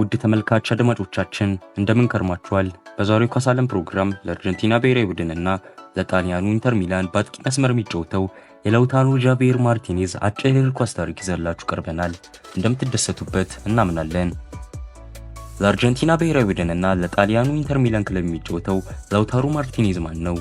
ውድ ተመልካች አድማጮቻችን እንደምን ከርማችኋል? በዛሬው ካሳለም ፕሮግራም ለአርጀንቲና ብሔራዊ ቡድንና ለጣሊያኑ ኢንተር ሚላን በአጥቂ መስመር የሚጫወተው የለውታሩ ጃቪየር ማርቲኔዝ አጭር የእግር ኳስ ታሪክ ይዘላችሁ ቀርበናል። እንደምትደሰቱበት እናምናለን። ለአርጀንቲና ብሔራዊ ቡድንና ለጣሊያኑ ኢንተር ሚላን ክለብ የሚጫወተው ለውታሩ ማርቲኔዝ ማን ነው?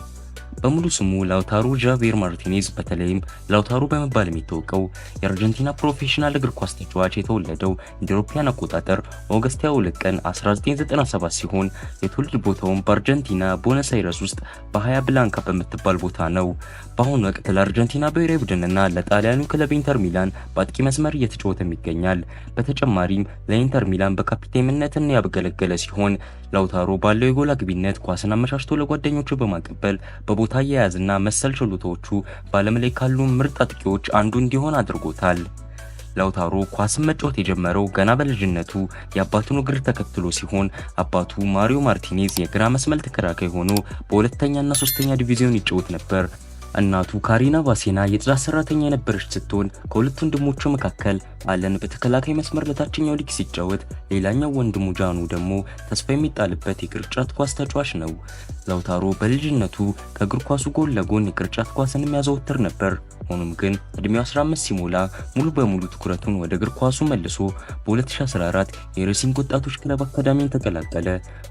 በሙሉ ስሙ ላውታሮ ጃቬር ማርቲኔዝ በተለይም ላውታሮ በመባል የሚታወቀው የአርጀንቲና ፕሮፌሽናል እግር ኳስ ተጫዋች የተወለደው እንደ አውሮፓውያን አቆጣጠር ኦገስት 22 ቀን 1997 ሲሆን የትውልድ ቦታውን በአርጀንቲና ቦነስ አይረስ ውስጥ በሃያ ብላንካ በምትባል ቦታ ነው። በአሁኑ ወቅት ለአርጀንቲና ብሔራዊ ቡድንና ለጣሊያኑ ክለብ ኢንተር ሚላን በአጥቂ መስመር እየተጫወተም ይገኛል። በተጨማሪም ለኢንተር ሚላን በካፒቴንነትን ያገለገለ ሲሆን ላውታሮ ባለው የጎል አግቢነት ኳስን አመቻችቶ ለጓደኞቹ በማቀበል በቦታ አያያዝና መሰል ችሎታዎቹ በዓለም ላይ ካሉ ምርጥ አጥቂዎች አንዱ እንዲሆን አድርጎታል። ላውታሮ ኳስን መጫወት የጀመረው ገና በልጅነቱ የአባቱን እግር ተከትሎ ሲሆን አባቱ ማሪዮ ማርቲኔዝ የግራ መስመል ተከላካይ ሆኖ በሁለተኛና ሶስተኛ ዲቪዚዮን ይጫወት ነበር። እናቱ ካሪና ባሴና የጥራት ሰራተኛ የነበረች ስትሆን ከሁለት ወንድሞቹ መካከል አለን በተከላካይ መስመር ለታችኛው ሊግ ሲጫወት፣ ሌላኛው ወንድሙ ጃኑ ደግሞ ተስፋ የሚጣልበት የቅርጫት ኳስ ተጫዋች ነው። ላውታሮ በልጅነቱ ከእግር ኳሱ ጎን ለጎን የቅርጫት ኳስን የሚያዘወትር ነበር። ሆኖም ግን እድሜው 15 ሲሞላ ሙሉ በሙሉ ትኩረቱን ወደ እግር ኳሱ መልሶ በ2014 የሬሲንግ ወጣቶች ክለብ አካዳሚን ተቀላቀለ።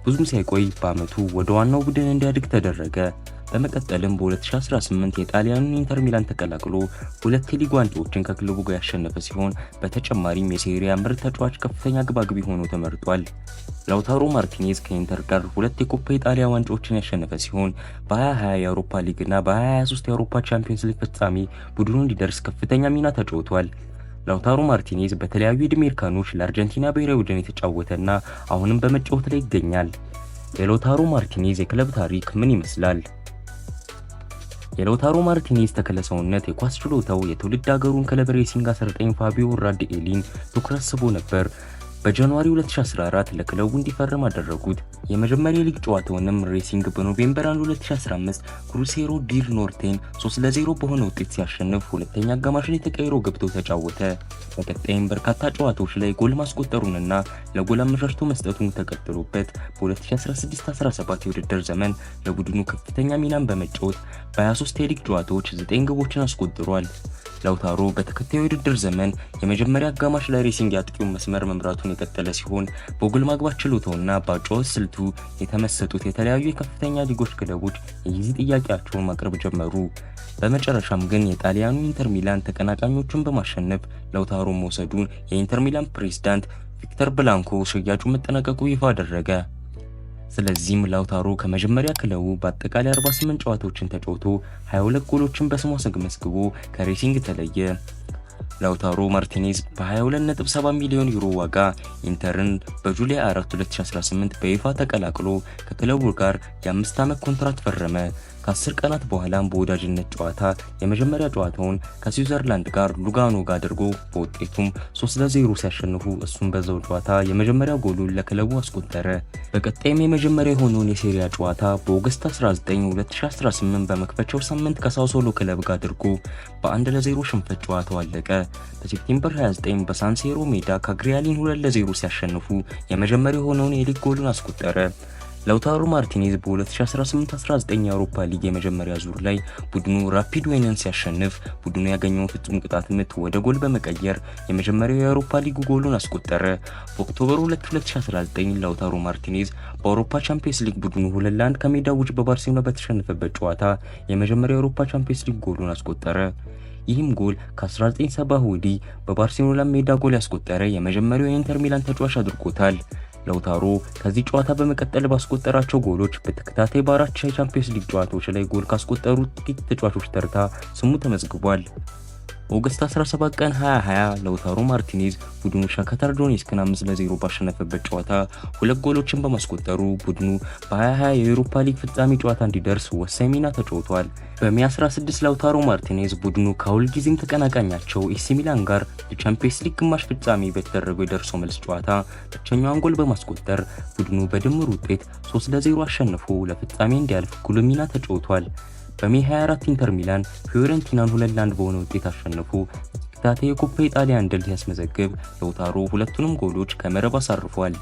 ብዙም ሳይቆይ በአመቱ ወደ ዋናው ቡድን እንዲያድግ ተደረገ። በመቀጠልም በ2018 የጣሊያኑን ኢንተር ሚላን ተቀላቅሎ ሁለት የሊግ ዋንጫዎችን ከክለቡ ጋር ያሸነፈ ሲሆን በተጨማሪም የሴሪያ ምርጥ ተጫዋች ከፍተኛ ግባግቢ ሆኖ ተመርጧል። ላውታሮ ማርቲኔዝ ከኢንተር ጋር ሁለት የኮፓ ኢጣሊያ ዋንጫዎችን ያሸነፈ ሲሆን በ2020 የአውሮፓ ሊግ እና በ2023 የአውሮፓ ቻምፒዮንስ ሊግ ፍጻሜ ቡድኑ እንዲደርስ ከፍተኛ ሚና ተጫውቷል። ላውታሮ ማርቲኔዝ በተለያዩ ዕድሜ እርከኖች ለአርጀንቲና ብሔራዊ ቡድን የተጫወተና አሁንም በመጫወት ላይ ይገኛል። የላውታሮ ማርቲኔዝ የክለብ ታሪክ ምን ይመስላል? የሎታሮ ማርቲኔዝ ተክለ ሰውነት የኳስ ችሎታው የትውልድ ሀገሩን ክለብ ሬሲንግ አሰልጣኝ ፋቢዮ ራድኤሊን ትኩረት ስቦ ነበር። በጃንዋሪ 2014 ለክለቡ እንዲፈርም አደረጉት። የመጀመሪያ ሊግ ጨዋታውንም ሬሲንግ በኖቬምበር 1 2015 ክሩሴሮ ዲር ኖርቴን 3 ለ0 በሆነ ውጤት ሲያሸንፍ ሁለተኛ አጋማሽ ላይ ተቀይሮ ገብቶ ተጫወተ። በቀጣይም በርካታ ጨዋታዎች ላይ ጎል ማስቆጠሩንና ለጎል አመሻሽቶ መስጠቱን ተቀጥሎበት በ2016/17 የውድድር ዘመን ለቡድኑ ከፍተኛ ሚናን በመጫወት በ23 የሊግ ጨዋታዎች 9 ግቦችን አስቆጥሯል። ላውታሮ በተከታዩ የውድድር ዘመን የመጀመሪያ አጋማሽ ላይ ሬሲንግ መስመር መምራቱን የቀጠለ ሲሆን በጎል ማግባት ችሎታውና በአጨዋወት ስልቱ የተመሰጡት የተለያዩ የከፍተኛ ሊጎች ክለቦች የጊዜ ጥያቄያቸውን ማቅረብ ጀመሩ። በመጨረሻም ግን የጣሊያኑ ኢንተር ሚላን ተቀናቃኞቹን በማሸነፍ ለውታሮ መውሰዱን የኢንተር ሚላን ፕሬዝዳንት ቪክተር ብላንኮ ሽያጩ መጠናቀቁ ይፋ አደረገ። ስለዚህም ላውታሮ ከመጀመሪያ ክለቡ በአጠቃላይ 48 ጨዋታዎችን ተጫውቶ 22 ጎሎችን በስሙ አስመዝግቦ ከሬሲንግ ተለየ። ላውታሮ ማርቲኔዝ በ22.7 ሚሊዮን ዩሮ ዋጋ ኢንተርን በጁላይ 4 2018 በይፋ ተቀላቅሎ ከክለቡ ጋር የአምስት ዓመት ኮንትራት ፈረመ። ከአስር ቀናት በኋላም በወዳጅነት ጨዋታ የመጀመሪያ ጨዋታውን ከስዊዘርላንድ ጋር ሉጋኖ ጋር አድርጎ በውጤቱም 3 ለ0 ሲያሸንፉ እሱም በዛው ጨዋታ የመጀመሪያ ጎሉን ለክለቡ አስቆጠረ። በቀጣይም የመጀመሪያ የሆነውን የሴሪያ ጨዋታ በኦገስት 19 2018 በመክፈቻው ሳምንት ከሳውሶሎ ክለብ ጋር አድርጎ በ1 ለ0 ሽንፈት ጨዋታው አለቀ። በሴፕቴምበር 29 በሳንሴሮ ሜዳ ከግሪያሊን 2 ለ0 ሲያሸንፉ የመጀመሪያ የሆነውን የሊግ ጎሉን አስቆጠረ። ላውታሮ ማርቲኔዝ በ2018-19 የአውሮፓ ሊግ የመጀመሪያ ዙር ላይ ቡድኑ ራፒድ ወይንን ሲያሸንፍ ቡድኑ ያገኘውን ፍጹም ቅጣት ምት ወደ ጎል በመቀየር የመጀመሪያው የአውሮፓ ሊግ ጎሉን አስቆጠረ። በኦክቶበር 2 2019 ላውታሮ ማርቲኔዝ በአውሮፓ ቻምፒየንስ ሊግ ቡድኑ ሁለት ለአንድ ከሜዳ ውጭ በባርሴሎና በተሸነፈበት ጨዋታ የመጀመሪያው የአውሮፓ ቻምፒየንስ ሊግ ጎሉን አስቆጠረ። ይህም ጎል ከ1970 ወዲህ በባርሴሎና ሜዳ ጎል ያስቆጠረ የመጀመሪያው የኢንተር ሚላን ተጫዋች አድርጎታል። ለውታሮ ከዚህ ጨዋታ በመቀጠል ባስቆጠራቸው ጎሎች በተከታታይ በአራት የቻምፒየንስ ሊግ ጨዋታዎች ላይ ጎል ካስቆጠሩ ጥቂት ተጫዋቾች ተርታ ስሙ ተመዝግቧል። ኦገስት 17 ቀን 2020 ለውታሮ ማርቲኔዝ ቡድኑ ሻክታር ዶኔስክን 5 ለ0 ባሸነፈበት ጨዋታ ሁለት ጎሎችን በማስቆጠሩ ቡድኑ በ2020 የአውሮፓ ሊግ ፍጻሜ ጨዋታ እንዲደርስ ወሳኝ ሚና ተጫውቷል። በሚ 16 ለውታሮ ማርቲኔዝ ቡድኑ ከሁልጊዜም ተቀናቃኛቸው ኤሲ ሚላን ጋር የቻምፒየንስ ሊግ ግማሽ ፍጻሜ በተደረገው የደርሶ መልስ ጨዋታ ብቸኛዋን ጎል በማስቆጠር ቡድኑ በድምር ውጤት 3 ለ0 አሸንፎ ለፍጻሜ እንዲያልፍ ጉልህ ሚና ተጫውቷል። በሜ 24 ኢንተር ሚላን ፊዮረንቲናን ሁለት ለአንድ በሆነ ውጤት አሸንፎ ተከታታይ የኮፓ ኢጣሊያን ድል ሲያስመዘግብ ለውታሩ ሁለቱንም ጎሎች ከመረብ አሳርፏል።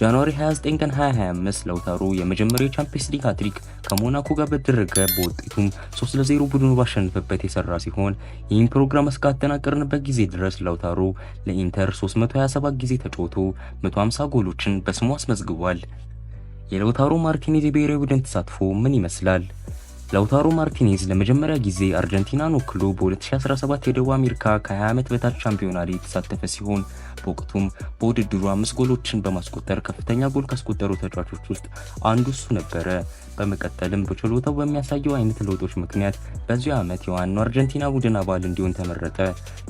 ጃንዋሪ 29 ቀን 2025 ላውታሮ የመጀመሪያው ቻምፒየንስ ሊግ ሃትሪክ ከሞናኮ ጋር በደረገ በውጤቱም 3 ለ0 ቡድኑ ባሸነፈበት የሰራ ሲሆን ይህን ፕሮግራም እስካጠናቀርንበት ጊዜ ድረስ ለውታሩ ለኢንተር 327 ጊዜ ተጫውቶ 150 ጎሎችን በስሙ አስመዝግቧል። የላውታሮ ማርቲኔዝ የብሔራዊ ቡድን ተሳትፎ ምን ይመስላል? ላውታሮ ማርቲኔዝ ለመጀመሪያ ጊዜ አርጀንቲናን ወክሎ በ2017 የደቡብ አሜሪካ ከ20 ዓመት በታች ሻምፒዮና ላይ የተሳተፈ ሲሆን በወቅቱም በውድድሩ አምስት ጎሎችን በማስቆጠር ከፍተኛ ጎል ካስቆጠሩ ተጫዋቾች ውስጥ አንዱ እሱ ነበረ። በመቀጠልም በችሎታው በሚያሳየው አይነት ለውጦች ምክንያት በዚሁ ዓመት የዋናው አርጀንቲና ቡድን አባል እንዲሆን ተመረጠ።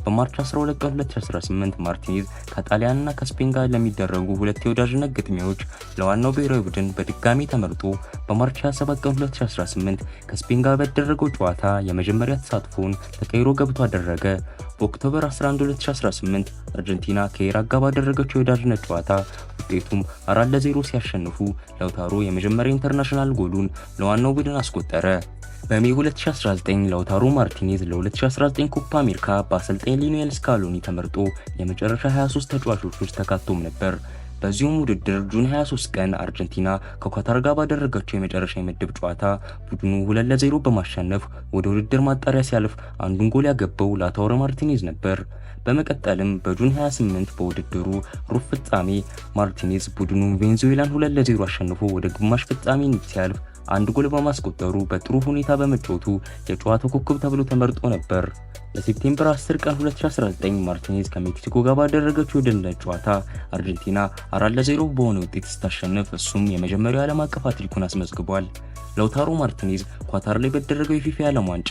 በማርች 12 ቀን 2018 ማርቲኔዝ ከጣሊያንና ከስፔን ጋር ለሚደረጉ ሁለት የወዳጅነት ግጥሚያዎች ለዋናው ብሔራዊ ቡድን በድጋሚ ተመርጦ በማርች 27 ቀን 2018 ከስፔን ጋር በተደረገው ጨዋታ የመጀመሪያ ተሳትፎውን ለቀይሮ ገብቶ አደረገ። በኦክቶበር 11 2018 አርጀንቲና ከኢራቅ ጋር ባደረገችው የወዳጅነት ጨዋታ ውጤቱም 4 0 ሲያሸንፉ ለውታሮ የመጀመሪያ ኢንተርናሽናል ጎሉን ለዋናው ቡድን አስቆጠረ። በሜ 2019 ለውታሮ ማርቲኔዝ ለ2019 ኮፓ አሜሪካ በአሰልጣኝ ሊኒዌል ስካሎኒ ተመርጦ የመጨረሻ 23 ተጫዋቾች ውስጥ ተካቶም ነበር። በዚሁም ውድድር ጁን 23 ቀን አርጀንቲና ከኳታር ጋር ባደረጋቸው የመጨረሻ የምድብ ጨዋታ ቡድኑ ሁለት ለዜሮ በማሸነፍ ወደ ውድድር ማጣሪያ ሲያልፍ አንዱን ጎል ያገባው ላታወረ ማርቲኔዝ ነበር። በመቀጠልም በጁን 28 በውድድሩ ሩብ ፍጻሜ ማርቲኔዝ ቡድኑ ቬንዙዌላን ሁለት ለዜሮ አሸንፎ ወደ ግማሽ ፍጻሜ ሲያልፍ አንድ ጎል በማስቆጠሩ በጥሩ ሁኔታ በመጫወቱ የጨዋታው ኮከብ ተብሎ ተመርጦ ነበር። በሴፕቴምበር 10 ቀን 2019 ማርቲኔዝ ከሜክሲኮ ጋር ባደረገችው የድንለት ጨዋታ አርጀንቲና 4 ለ0 በሆነ ውጤት ስታሸንፍ እሱም የመጀመሪያው ዓለም አቀፍ አትሪኩን አስመዝግቧል። ለውታሮ ማርቲኔዝ ኳታር ላይ በተደረገው የፊፋ ዓለም ዋንጫ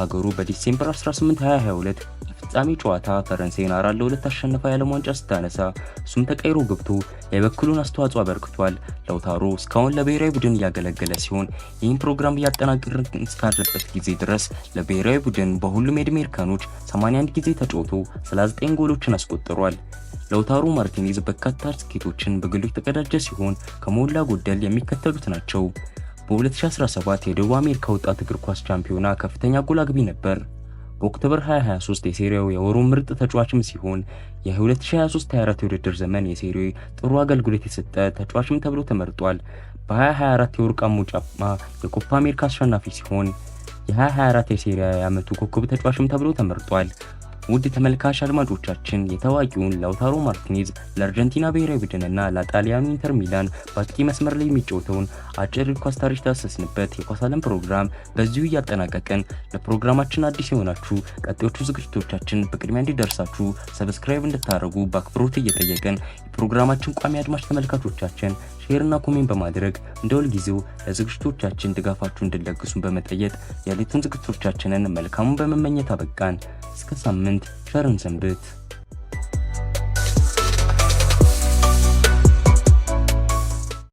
ሀገሩ በዲሴምበር 18 2022 የፍጻሜ ጨዋታ ፈረንሳይን 4 ለ2 አሸንፋ የዓለም ዋንጫ ስታነሳ እሱም ተቀይሮ ገብቶ የበኩሉን አስተዋጽኦ አበርክቷል። ለውታሮ እስካሁን ለብሔራዊ ቡድን እያገለገለ ሲሆን ይህም ፕሮግራም እያጠናቀርን እስካለበት ጊዜ ድረስ ለብሔራዊ ቡድን በሁሉም የዕድሜ ለአሜሪካኖች 81 ጊዜ ተጫውቶ 39 ጎሎችን አስቆጥሯል። ላውታሮ ማርቲኔዝ በርካታ ስኬቶችን በግሉ የተቀዳጀ ሲሆን ከሞላ ጎደል የሚከተሉት ናቸው። በ2017 የደቡብ አሜሪካ ወጣት እግር ኳስ ቻምፒዮና ከፍተኛ ጎል አግቢ ነበር። በኦክቶበር 2023 የሴሪያው የወሩ ምርጥ ተጫዋችም ሲሆን የ2023/24 የውድድር ዘመን የሴሪያው ጥሩ አገልግሎት የሰጠ ተጫዋችም ተብሎ ተመርጧል። በ2024 የወርቃማው ጫማ የኮፓ አሜሪካ አሸናፊ ሲሆን የ2024 የሴሪ የዓመቱ ኮከብ ተጫዋችም ተብሎ ተመርጧል። ውድ ተመልካች አድማጮቻችን የታዋቂውን ላውታሮ ማርቲኔዝ ለአርጀንቲና ብሔራዊ ቡድንና ለጣሊያኑ ኢንተር ሚላን በአጥቂ መስመር ላይ የሚጫወተውን አጭር ኳስ ታሪክ ታሰስንበት የኳስ ዓለም ፕሮግራም በዚሁ እያጠናቀቅን። ለፕሮግራማችን አዲስ የሆናችሁ ቀጣዮቹ ዝግጅቶቻችን በቅድሚያ እንዲደርሳችሁ ሰብስክራይብ እንድታደርጉ በአክብሮት እየጠየቅን የፕሮግራማችን ቋሚ አድማጭ ተመልካቾቻችን ሼርና ኮሜንት በማድረግ እንደ ሁልጊዜው ለዝግጅቶቻችን ድጋፋችሁ እንድለግሱን በመጠየቅ የዕለቱን ዝግጅቶቻችንን መልካሙን በመመኘት አበቃን። እስከ ሳምንት ቸርን ሰንብት።